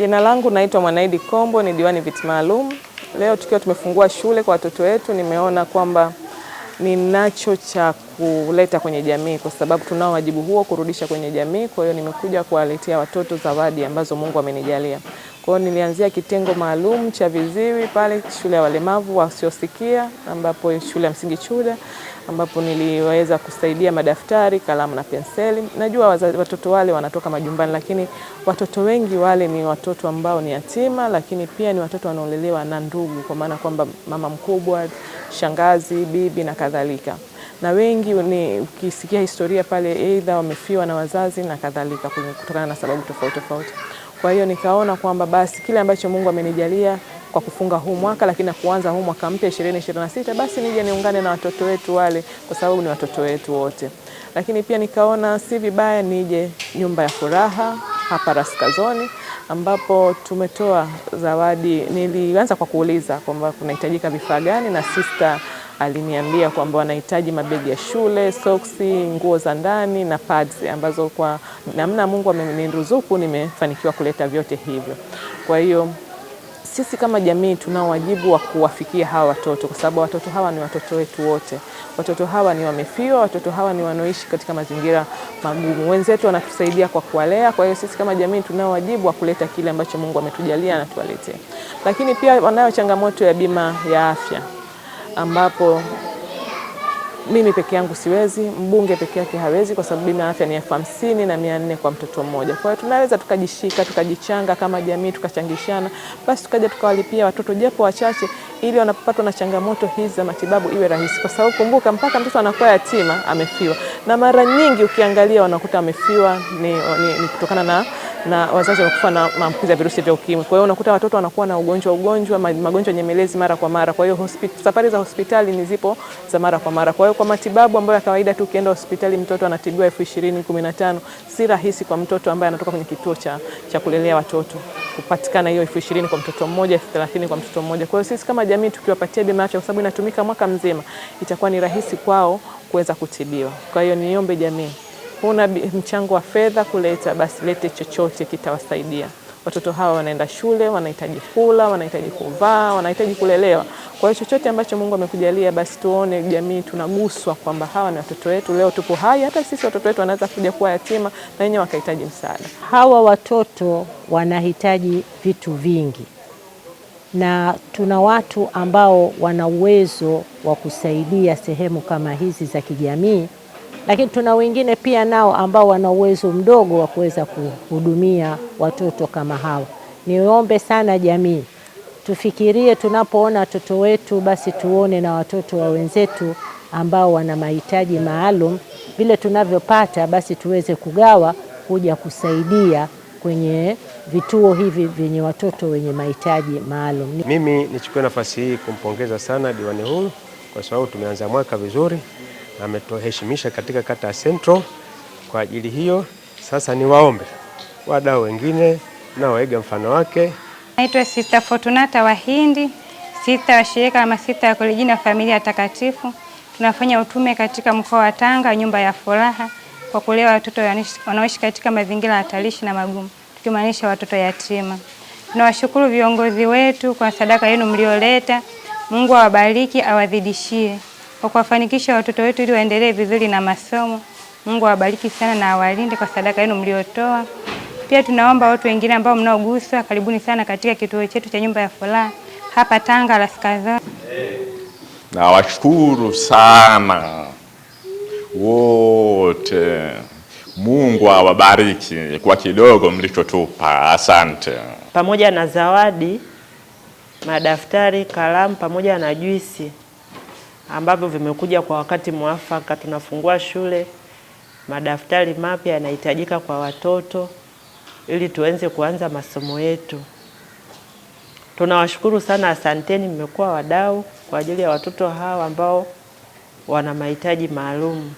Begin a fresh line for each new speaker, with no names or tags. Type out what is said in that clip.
Jina langu naitwa Mwanaidi Kombo, ni diwani viti maalum. Leo tukiwa tumefungua shule kwa watoto wetu, nimeona kwamba ninacho cha kuleta kwenye jamii, kwa sababu tunao wajibu huo kurudisha kwenye jamii. Kwa hiyo nimekuja kuwaletea watoto zawadi ambazo Mungu amenijalia. Kwa hiyo nilianzia kitengo maalum cha viziwi pale shule ya walemavu wasiosikia, ambapo shule ya msingi Chuda, ambapo niliweza kusaidia madaftari, kalamu na penseli. Najua watoto wale wanatoka majumbani, lakini watoto wengi wale ni watoto ambao ni yatima, lakini pia ni watoto wanaolelewa na ndugu, kwa maana kwamba mama mkubwa, shangazi, bibi na kadhalika na wengi ni ukisikia historia pale, aidha wamefiwa na wazazi na kadhalika, kutokana na sababu tofauti tofauti. Kwa hiyo nikaona kwamba basi kile ambacho Mungu amenijalia kwa kufunga huu mwaka lakini na kuanza huu mwaka mpya 2026 basi nije niungane na watoto wetu wale, kwa sababu ni watoto wetu wote. Lakini pia nikaona si vibaya nije nyumba ya furaha hapa Raskazoni ambapo tumetoa zawadi. Nilianza kwa kuuliza kwamba kunahitajika vifaa gani, na sister aliniambia kwamba wanahitaji mabegi ya shule, soksi, nguo za ndani na pads ambazo kwa namna Mungu ameniruzuku nimefanikiwa kuleta vyote hivyo. Kwa hiyo sisi kama jamii tunao wajibu wa kuwafikia hawa watoto, kwa sababu watoto hawa ni watoto wetu wote. Watoto hawa ni wamefiwa, watoto hawa ni wanaoishi katika mazingira magumu. Wenzetu wanatusaidia kwa kuwalea. Kwa hiyo sisi kama jamii tunao wajibu wa kuleta kile ambacho Mungu ametujalia anatuwaletea. Lakini pia wanayo changamoto ya bima ya afya ambapo mimi peke yangu siwezi, mbunge peke yake hawezi, kwa sababu bima ya afya ni elfu hamsini na mia nne kwa mtoto mmoja. Kwa hiyo tunaweza tukajishika, tukajichanga kama jamii, tukachangishana, basi tukaja tukawalipia watoto japo wachache, ili wanapopatwa na changamoto hizi za matibabu iwe rahisi, kwa sababu kumbuka, mpaka mtoto anakuwa yatima amefiwa, na mara nyingi ukiangalia wanakuta amefiwa ni, ni, ni kutokana na na wazazi wanakufa na maambukizi ya virusi vya ukimwi. Kwa hiyo unakuta watoto wanakuwa na ugonjwa ugonjwa magonjwa nyemelezi mara kwa mara. Kwa hiyo hospitali, safari za hospitali ni zipo za mara kwa mara. Kwa hiyo kwa matibabu ambayo ya kawaida tu ukienda hospitali mtoto anatibiwa elfu ishirini kumi na tano si rahisi kwa mtoto ambaye anatoka kwenye kituo cha, cha kulelea watoto kupatikana hiyo elfu ishirini kwa mtoto mmoja, elfu thelathini kwa mtoto mmoja. Kwa hiyo sisi kama jamii tukiwapatia bima afya, kwa sababu inatumika mwaka mzima, itakuwa ni rahisi kwao kuweza kutibiwa. Kwa hiyo niombe jamii huna mchango wa fedha kuleta, basi lete chochote kitawasaidia watoto hawa. Wanaenda shule, wanahitaji kula, wanahitaji kuvaa, wanahitaji kulelewa. Kwa hiyo chochote ambacho Mungu amekujalia, basi tuone jamii tunaguswa kwamba hawa ni watoto wetu, leo tupo hai, hata sisi watoto wetu wanaweza kuja kuwa yatima na wenyewe wakahitaji msaada.
Hawa watoto wanahitaji vitu vingi na tuna watu ambao wana uwezo wa kusaidia sehemu kama hizi za kijamii lakini tuna wengine pia nao ambao wana uwezo mdogo wa kuweza kuhudumia watoto kama hawa. Niombe sana jamii tufikirie, tunapoona watoto wetu basi tuone na watoto wa wenzetu ambao wana mahitaji maalum, vile tunavyopata basi tuweze kugawa kuja kusaidia kwenye vituo hivi vyenye watoto wenye mahitaji maalum.
Mimi nichukue nafasi hii kumpongeza sana diwani huyu kwa sababu tumeanza mwaka vizuri ametoheshimisha katika kata ya Central. Kwa ajili hiyo sasa ni waombe wadau wengine naoiga mfano wake.
Naitwa Sista Fortunata Wahindi, sista wa shirika la masita ya Kolejina ya Familia Takatifu. Tunafanya utume katika mkoa wa Tanga, nyumba ya furaha, kwa kulea watoto wanaoishi katika mazingira hatarishi na magumu, tukimaanisha watoto yatima. Tunawashukuru viongozi wetu kwa sadaka yenu mlioleta. Mungu awabariki, awazidishie kwa kuwafanikisha watoto wetu ili waendelee vizuri na masomo. Mungu awabariki sana na awalinde kwa sadaka yenu mliotoa. Pia tunaomba watu wengine ambao mnaoguswa, karibuni sana katika kituo chetu cha Nyumba ya Furaha hapa Tanga Laskaza.
Nawashukuru sana wote, Mungu awabariki kwa kidogo mlichotupa, asante.
Pamoja na zawadi, madaftari, kalamu pamoja na juisi ambavyo vimekuja kwa wakati mwafaka. Tunafungua shule, madaftari mapya yanahitajika kwa watoto ili tuweze kuanza masomo yetu. Tunawashukuru sana, asanteni, mmekuwa wadau kwa ajili ya watoto hawa ambao wana mahitaji maalum.